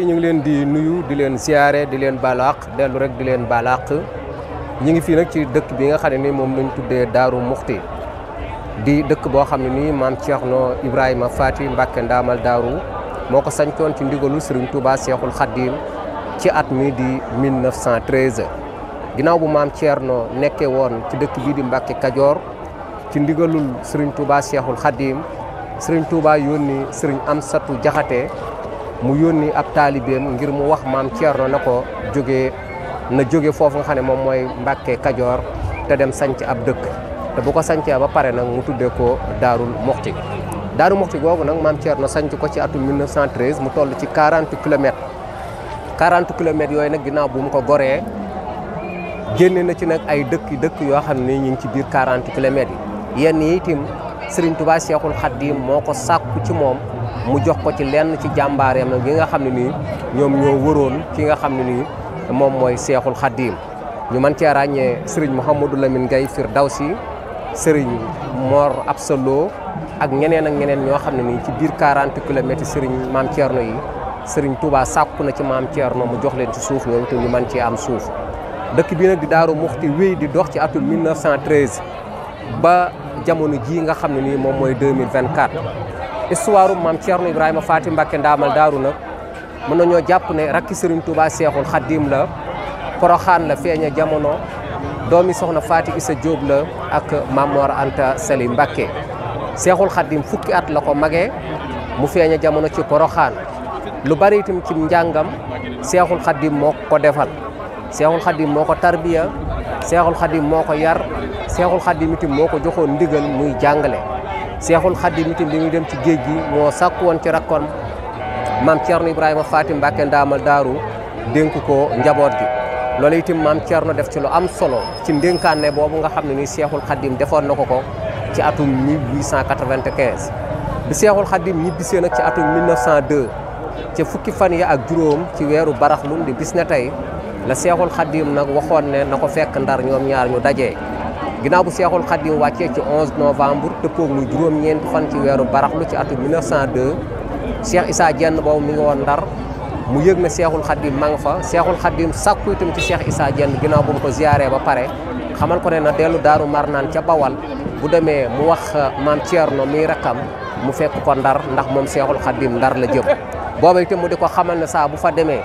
ñu ngi leen di nuyu di leen siyaare di leen balaax dellu rek di leen balaax ñu ngi fii nag ci dëkk bi nga xam ne ni moom lañ tuddee Daaru Muxti di dëkk boo xam ne nii maam Ceerno Ibrahima Faati Mbàkke Ndaamal Daaru moo ko sañcoon ci ndigalu Sëriñ Tuubaa Seexul Xaddiim ci at mi di 1913 ginnaaw bu maam Ceerno nekkee woon ci dëkk bii di Mbàkke Kajoor ci ndigalul Sëriñ Tuubaa Seexul Xaddiim Sëriñ Tuubaa yónni Sëriñ Amsatu Jaxate mu yónni ab taalibeem ngir mu wax maam Thierno na ko jógee na jóge foofu nga xam ne moom mooy Mbàkke Kajoor te dem sanc ab dëkk te bu ko sancee ba pare nag mu tuddee ko Daarul Moxti Daaru Moxti googu nag maam Thierno sanc ko ci atum 1913 mu toll ci 40 kilomètres 40 kilomètres yooyu nag ginnaaw bu ko goree génne na ci nag ay dëkk dëkk yoo xam ne ñu ngi ci biir 40 kilomètres yi yenn yi itam Serigne Touba Cheikhoul Khadim moo ko sàkku ci moom mu jox ko ci lenn ci jàmbaareem na yi nga xam ne nii ñoom ñoo wëroon ki nga xam ne nii moom mooy seexul xaddiim ñu man cee ràññee sëriñ Mouhamadou Lamine Gaye Firdawsi sëriñ Mor Absolo ak ñeneen ak ñeneen ñoo xam ne nii ci biir 40 kilomètres sëriñ maam Thierno yi sëriñ Touba sàkku na ci maam Thierno mu jox leen ci suuf ñoom te ñu mën cee am suuf dëkk bi nag di Daaru Muxti wéy di dox ci atum 1913 ba jamono jii nga xam ne nii moom mooy 2024. histoire maam Thierno Ibrahima faati Mbacké Ndaamal Daaru nag mën nañoo jàpp ne rakki Serigne Touba Seexul Xaddiim la Poroxaan la feeña jamono doomi soxna Faty Issa Diop la ak Maam Mor Anta Sali Mbacké Seexul Xaddiim fukki at la ko magee mu feeña jamono ci Poroxaan lu bari itam ci njàngam Seexul Xaddiim moo ko defal Seexul Xaddiim moo ko tarbiya Seexul Xaddiim moo ko yar Seexul Xaddiim itam moo ko joxoon ndigal muy jàngale seexul xaddim itam bi muy dem ci géej gi moo sak woon ci rakkoon maam nu Ibrahima Fatim Mbacke ndaamal daaru dénk ko njaboot gi loolu itam maam Thierno def ci lu am solo ci ndénkaane boobu nga xam ne ni seexul xaddim defoon na ko ko ci atum 1895 bi seexul xaddim ñibbisee nag ci atum 1902 ca fukki fan yi ak juróom ci weeru baraxlun di bis ne tey la seexul xaddim nag waxoon ne na ko fekk ndar ñoom ñaar ñu dajee ginnaaw bu seexul xadim wàccee ci 11 novembre dëppoog mu juróom-ñeenti fan ci weeru baraxlu ci atum 1902 woon ndar mu yëg na seexul xadim ma nga fa seexul xadim sàkku itam ci Cheikh Issa Diène ginnaaw bu mu ko ziaree ba pare xamal ko ne na dellu daaru marnaan ca bawal bu demee mu wax euh, maam Thierno mi rakkam mu fekk ko ndar ndax moom seexul xadim ndar la jëm booba itam mu di ko xamal ne saa fa demee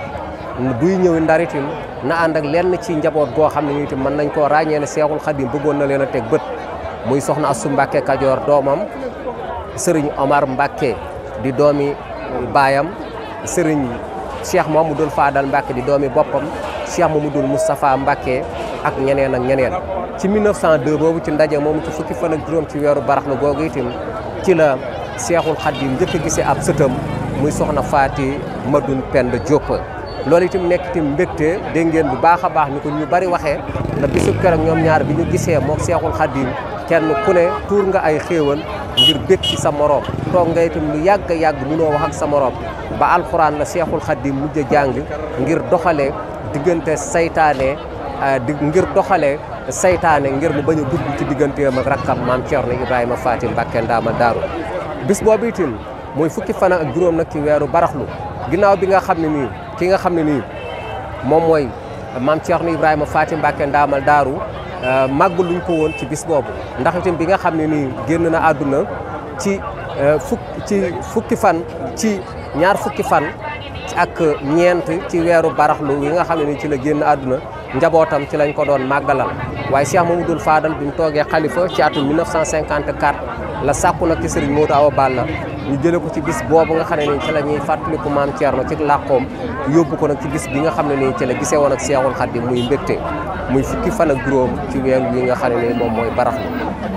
buy ñëw ndar itam na ànd ak lenn ci njaboot goo xam ne ñu mën nañ koo ràññee ne Seexul Xadim bëggoon na leen a teg bët muy soxna Astou Mbacke Kajoor doomam sëriñ Omar mbakke di doomi baayam sëriñ Cheikh Mamadou Fadal Mbacke di doomi boppam mu dul Moustapha Mbacke ak ñeneen ak ñeneen ci 1902 boobu ci ndaje moom ci fukki fan ak juróom ci weeru barax la googu itam ci la Seexul Xadim njëkk a gisee ab sëtam muy soxna Faati Madoune Penda Diop loolu itam nekk itam mbégte dégg ngeen bu baax a baax ni ko ñu bari waxee na bisu keroog ñoom ñaar bi ñu gisee mook Seexul Xadiim kenn ku ne tuur nga ay xéewal ngir bég ci sa moroom toog nga itam lu yàgg a yàgg munoo wax ak sa moroom ba alxuraan la Seexul Xadiim mujj a jàng ngir doxalee diggante seytaane euh, di ngir doxalee seytaane ngir mu bañ a dugg ci digganteem ak rakkam maam Thierno Ibrahima Fatim Mbàkke Ndaama Daaru bis boobu itam mooy fukki fan ak juróom nag ci weeru baraxlu ginnaaw bi nga xam ne nii ki nga xam ne nii moom mooy maam Thierno Ibrahima Faty Mbacké Ndaamal Daaru euh, màggaluñ ko woon ci bis boobu ndax itam bi nga xam ne nii génn na àdduna ci euh, fukk ci fukki fan ci ñaar fukki fan ak ñeent ci weeru baraxlu yi nga xam ne nii ci la génn àdduna njabootam ci lañ ko doon màggalal waaye Cheikh Mamadou Fadal bi mu toogee xalifa ci atum 1954 la sàkku nag ci Serigne a Awa Balla ñu jëlee ko ci bis boobu nga xam ne nii ci la ñuy fàttaliku maam Thierno ci làqoom yóbbu ko nag ci bis bi nga xam ne nii ci la gisee woon ak Seexul Xadiim muy mbégte muy fukki fan a juróom ci weer wi nga xam ne nii moom mooy barax la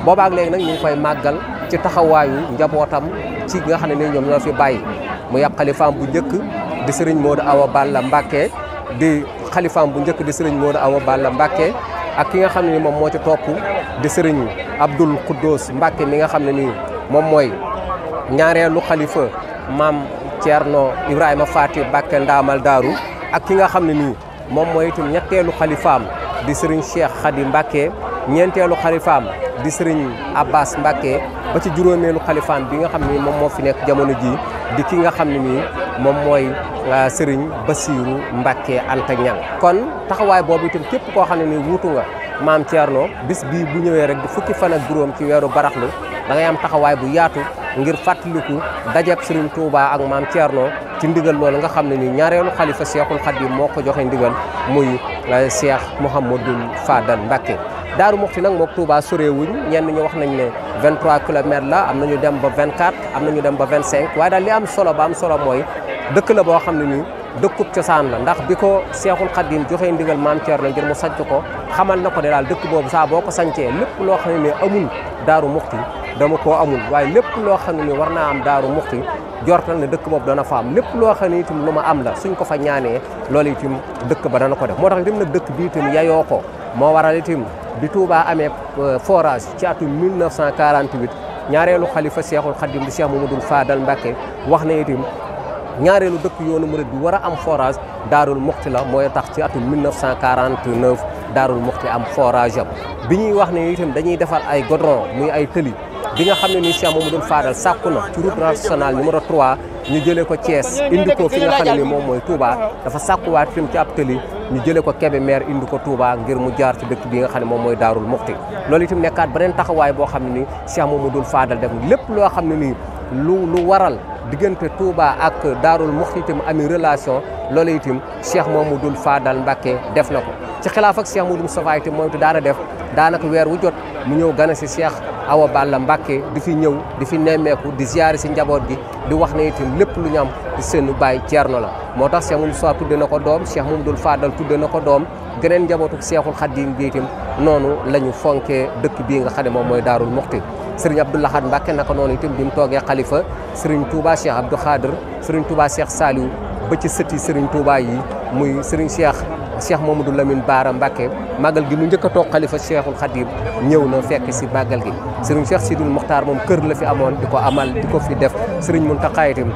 boobaak léegi nag ñu koy màggal ci taxawaayu njabootam ci nga xam ne nii ñoom ñoo fi bàyyi mu yàq xalifaam bu njëkk di sëriñ Modou Awa Balla Mbacké di xalifaam bu njëkk di moo Modou Awa Balla Mbacké ak ki nga xam ne ni moom moo ci topp di sëriñ Abdoul Khoudous Mbacké mi nga xam ne nii moom mooy ñaareelu xalifa maam no Ibrahima Faty Bakke Ndaamal Daaru ak ki nga xam ne nii moom mooy itam ñetteelu xalifaam di sëriñ Cheikh Khady Mbakke ñeenteelu xalifaam di sëriñ Abbas Mbakke ba ci juróomeelu xalifaam bi nga xam ne moom moo fi nekk jamono ji di ki nga xam ne mii moom mooy euh, sëriñ Bassirou mbake Anta Ñang kon taxawaay boobu itam képp koo xam ne nii wuutu nga maam bis bii bu ñëwee rek di fukki fan ak juróom ci weeru baraxlu da ngay taxawaay bu yaatu. ngir fàttaliku dajab Serigne Touba ak maam Thierno ci ndigal loolu nga xam ne ni ñaareelu xalifa Seexul Xadiim moo ko joxe ndigal muy euh, Cheikh Mouhamadul Fadal Mbacké Daaru Muxti nag mook Touba sorewuñ ñenn ñu wax nañ ne 23 kilomètres la am na nañu dem ba vingt 24 am nañu dem ba 25 waaye daal li am solo ba am solo mooy dëkk la boo xam ne nii dëkkub cosaan la ndax bi ko Seexul Xadiim joxe ndigal maam Thierno ngir mu sanc ko xamal na ko ne daal dëkk boobu saa boo ko sancee lépp loo xam ne amul Daaru Muxti dama ko amul waaye lépp loo xam ne war naa am daaru muxti jortal ne dëkk boobu dana fa am lépp loo xam ne itam lu ma am la suñ ko fa ñaanee loolu itam dëkk ba dana ko def moo tax itam na dëkk bi itam yayoo ko moo waral itam bi Touba amee euh, forage ci atum 1948 ñaareelu xalifa Seexul Xadim di Seex Mamadul Faadal Mbàkke wax na itam ñaareelu dëkk yoonu murid bi war a am forage daarul muxti la mooy tax ci atum 1949 daarul muxti am forage am bi ñuy wax ne itam dañuy defar ay godron muy ay tëli bi nga xam ne ni moom Mamadou Fadal sàkku na ci route nationale numéro 3 ñu jëlee ko cees indi ko fi nga xam ne ni moom mooy Touba dafa sàkkuwaat fi mu ci ab tëli ñu jëlee ko Kébémer indi ko Touba ngir mu jaar ci dëkk bi nga xam ne moom mooy Daarul Muxti loolu itam nekkaat beneen taxawaay boo xam ne ni Cheikh Mamadou Fadal def lépp loo xam ne nii lu lu waral diggante Touba ak Daarul Muxti itam ami relation loolu itam Cheikh Mamadou Fadal Mbacké def na ko ci xilaaf ak Cheikh Moudou Moustapha itam moom daana def daanaka weer wu jot mu ñëw gana si Cheikh Awa Balla Mbacke di fi ñëw di fi nemmeeku di ziare si njaboot gi di wax ne itam lépp lu ñu am di baay bàyyi ceerno la moo tax Cheikh Moudou Moustapha tudde na ko doom Cheikh Mamadou Fadal tudde na ko doom geneen njabootu Cheikhul Khadim bi itam noonu la ñu fonkee dëkk bii nga xam ne moom mooy Daarul Muxti sëriñ Abdou Lahad Mbacke naka noonu itam bi mu toogee xalifa sëriñ Touba Cheikh Abdou Khader sëriñ Touba Cheikh ba ci sëti sëriñ Touba yi muy sëriñ Cheikh Cheikh Mamadou Lamine Baara Mbacke màggal gi mu njëkk toog xalifa Cheikhul Khadim ñëw na fekk si màggal gi sëriñ Cheikh Sidul Mokhtar moom kër la fi amoon di ko amal di ko fi def sëriñ mun itam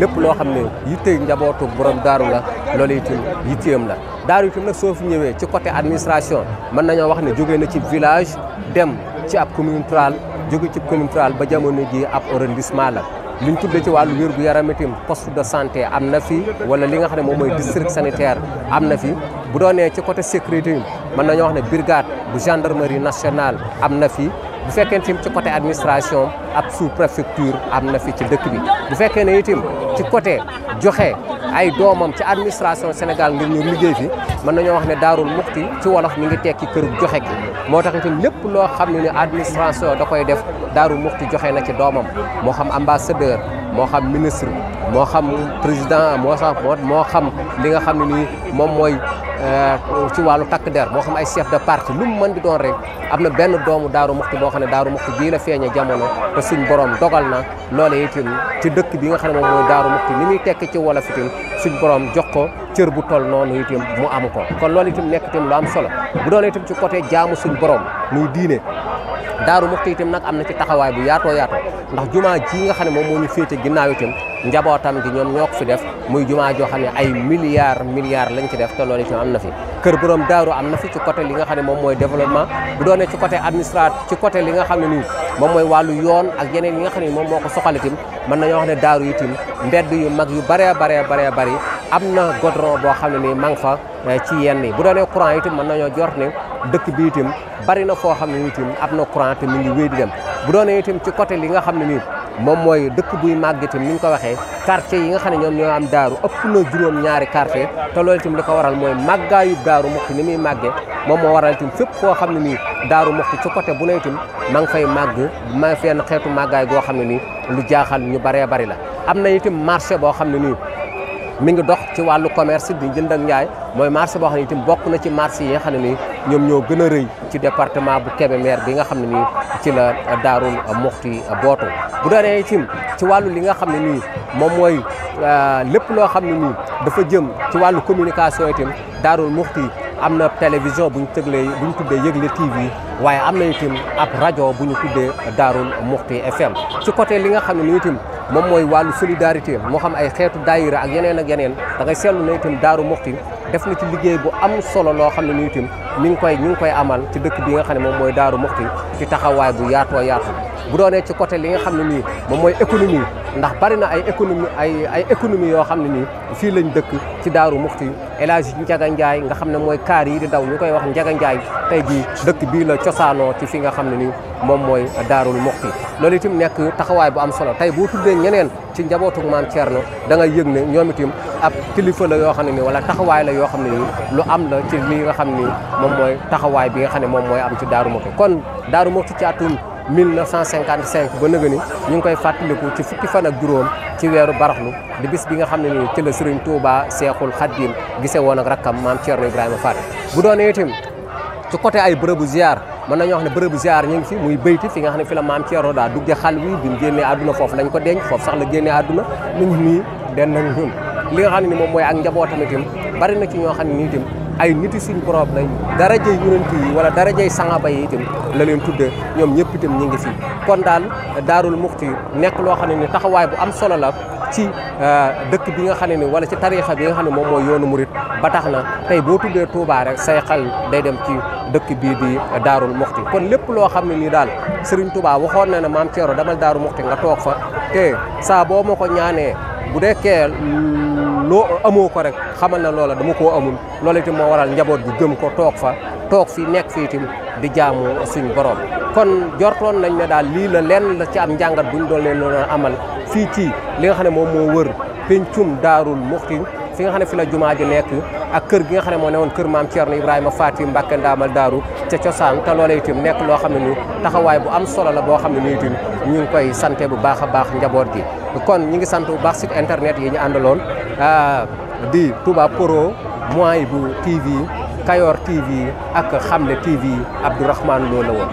lépp loo xam ne yitte njabootu borom daaru la loolu itam yitteem la daaru itam nag soo fi ñëwee ci côté administration mën nañoo wax ne jógee na ci village dem ci ab commune rurale jóge ci commune rurale ba jamono ji ab arrondissement la li ñu tuddee ci wàllu wér gu yaram itam poste de santé am na fi wala li nga xam ne moom mooy district sanitaire am na fi bu doonee ci côté sécurité yi mën nañoo wax ne brigade bu gendarmerie national am na fi. bu fekkee itam ci côté administration ab sous préfecture am na fi ci dëkk bi bu fekkee ne itam ci côté joxe. ay doomam ci administration Sénégal ngir ñu liggéey fi mën nañoo wax ne daarul muxti ci wolof mi ngi tekki këru joxe gi moo tax itam lépp loo xam ne ne administration da koy def daarul muxti joxe na ci doomam moo xam ambassadeur moo xam ministre moo xam président moo sax moo xam li nga xam ne nii moom mooy Euh, ci wàllu takk der moo xam ay chef de parti lu mu mën di doon rek am na benn doomu daaru muxti boo xam ne daaru muxti jii la feeñe jamono te suñ borom dogal na loolee itam ci dëkk bi nga xam ne moom daaru muxti ni muy tekk ci wolof itam suñ borom jox ko cër bu toll noonu itam mu am ko kon loolu itam nekk itam lu am solo bu doon itam ci côté jaamu suñ borom muy diine daaru muxti itam nag am na ci taxawaay bu yaatoo yaatoo ndax jumaa ji nga xam ne moom moo ñu féete ginnaaw itam njabootam gi ñoom ñoo ko fi def muy jumaa joo xam ne ay milliards milliards lañ ci def te loolu itam am na fi kër borom daaru am na fi ci côté li nga xam ne moom mooy développement bu doonee ci côté administrat ci li nga xam ne nii moom mooy wàllu yoon ak yeneen yi nga xam ne moom moo ko soxal itam mën nañoo wax ne daaru itam mbedd yu mag yu baree baree baree bari am na godron boo xam ne ni ma nga fa eh, ci yenn yi bu doonee courant itam mën nañoo jort ne dëkk bi bari na foo xam ne nii itam am na courant mi mu ngi wéy di dem bu doonee itam ci côté li nga xam ne nii moom mooy dëkk buy màgg itam ni ñu ko waxee quartier yi nga xam ne ñoom ñoo am daaru ëpp na juróom ñaari quartier te loolu itam li ko waral mooy màggaayu daaru muxti ni muy màggee moom moo waral itam fépp foo xam ne nii daaru muxti ci côté bu ne itam ma ngi fay màgg ma fenn xeetu màggaay goo xam ne nii lu jaaxal ñu baree bari la am na itam marché boo xam ne nii mi ngi dox ci wàllu commerce di jënd ak njaay mooy marché boo xam ne itam bokk na ci marché yi nga xam ne nii ñoom ñoo gën a rëy ci département bu Kébémer bi nga xam ne nii ci la Daarul Muxti bootu bu doonee itam ci wàllu li nga xam ne nii moom mooy euh, lépp loo xam ne nii dafa jëm ci wàllu communication itam Daarul Muxti am na télévision bu ñu tëglee bu ñu tuddee Yëgle TV waaye am na itam ab rajo bu ñu tuddee daaru Muxti FM ci côté li nga xam ne ñu tim moom mooy wàllu solidarité moo xam ay xeetu daayira ak yeneen ak yeneen da ngay seetlu ne itam Daaru Muxti def na ci liggéey bu am solo loo xam ne ni itam mi ngi koy ñu ngi koy amal ci dëkk bi nga xam ne moom mooy Daaru Muxti ci taxawaay bu yaatoo yaatu bu doonee ci côté li nga xam ne nii moom mooy économie ndax bari na ay économie ay ay économie yoo xam ne nii fii lañ dëkk ci Daaru Muxti El Hadji Njaga Njaay nga xam ne mooy kaar yi di daw ñu koy wax Njaga Njaay tey jii dëkk bii la cosaanoo ci fi nga xam ne nii moom mooy Daarul Muxti loolu mu nekk taxawaay bu am solo tey boo tuddee ñeneen ci njabootu maam Thierno da ngay yëg ne ñoom itam ab kilifa la yoo xam ne nii wala taxawaay la yoo xam ne nii am la ci li nga xam ni moom mooy taxawaay bi nga xam ne moom mooy am ci Daaru Muxti kon Daaru Muxti ci atum 1955 ba nëgëni ñu ngi koy fàttaliku ci fukki fanak ak juróom ci weeru baraxlu di bis bi nga xam ne nii ci la Serigne Touba Seexul Xaddiim gise woon ak rakkam maam Thierno Ibrahima Fall bu doonee itam ci côté ay bërëbu ziar mën nañoo wax ne bërëbu ziar ñu ngi fi muy béyti fi nga xam ne fi la maam Thierno daa dugge xal wi bi mu génnee àdduna foofu lañ ko denc foofu sax la génnee àdduna ñu ngi nii den ñun li nga xam ne ni moom mooy ak njaboot tamit bari na ci ñoo xam ne nii itam ay niti suñ borom lañ daraje yonent yi wala darajey sangaba yi itam la leen tudde ñoom ñëpp itam ñi ngi fi kon daal daarul muxti nekk loo xam ne ni taxawaay bu am solo la ci euh, dëkk bi nga xam ne ni wala ci tariixa bi nga xam ne moom mooy yoonu murit ba tax na tey boo tuddee Touba rek say xal day dem ci dëkk bii di daarul muxti kon lépp loo xam ne nii daal Serigne Touba waxoon na ne maam Ceero demal daaru muxti nga toog fa te saa boo ma ko ñaanee bu loo amoo ko rek xamal na loola dama koo amul loola itam moo waral njaboot gi jëm ko toog fa toog fi nekk fii itam di jaamu suñ borom. kon jortoon nañ ne daal lii la lenn la ci am njàngat buñ doon leen doon amal fii ci li nga xam ne moom moo wër pencum daarul muxti fi nga xam ne fi la jumaa ji nekk ak kër gi nga xam ne moo ne woon kër maam Thierno Ibrahima Fatim Mbacke Ndaamal Daaru ca cosaan te loola itam nekk loo xam ne ni taxawaay bu am solo boo xam ne ni itam ñu ngi koy sante bu baax a baax njaboot gi kon ñu ngi sant bu baax site internet yi ñu àndaloon ah, di Touba Pro Mouhaïbou TV Kayor TV ak xam Xamle TV Abdourahmane Lo la woon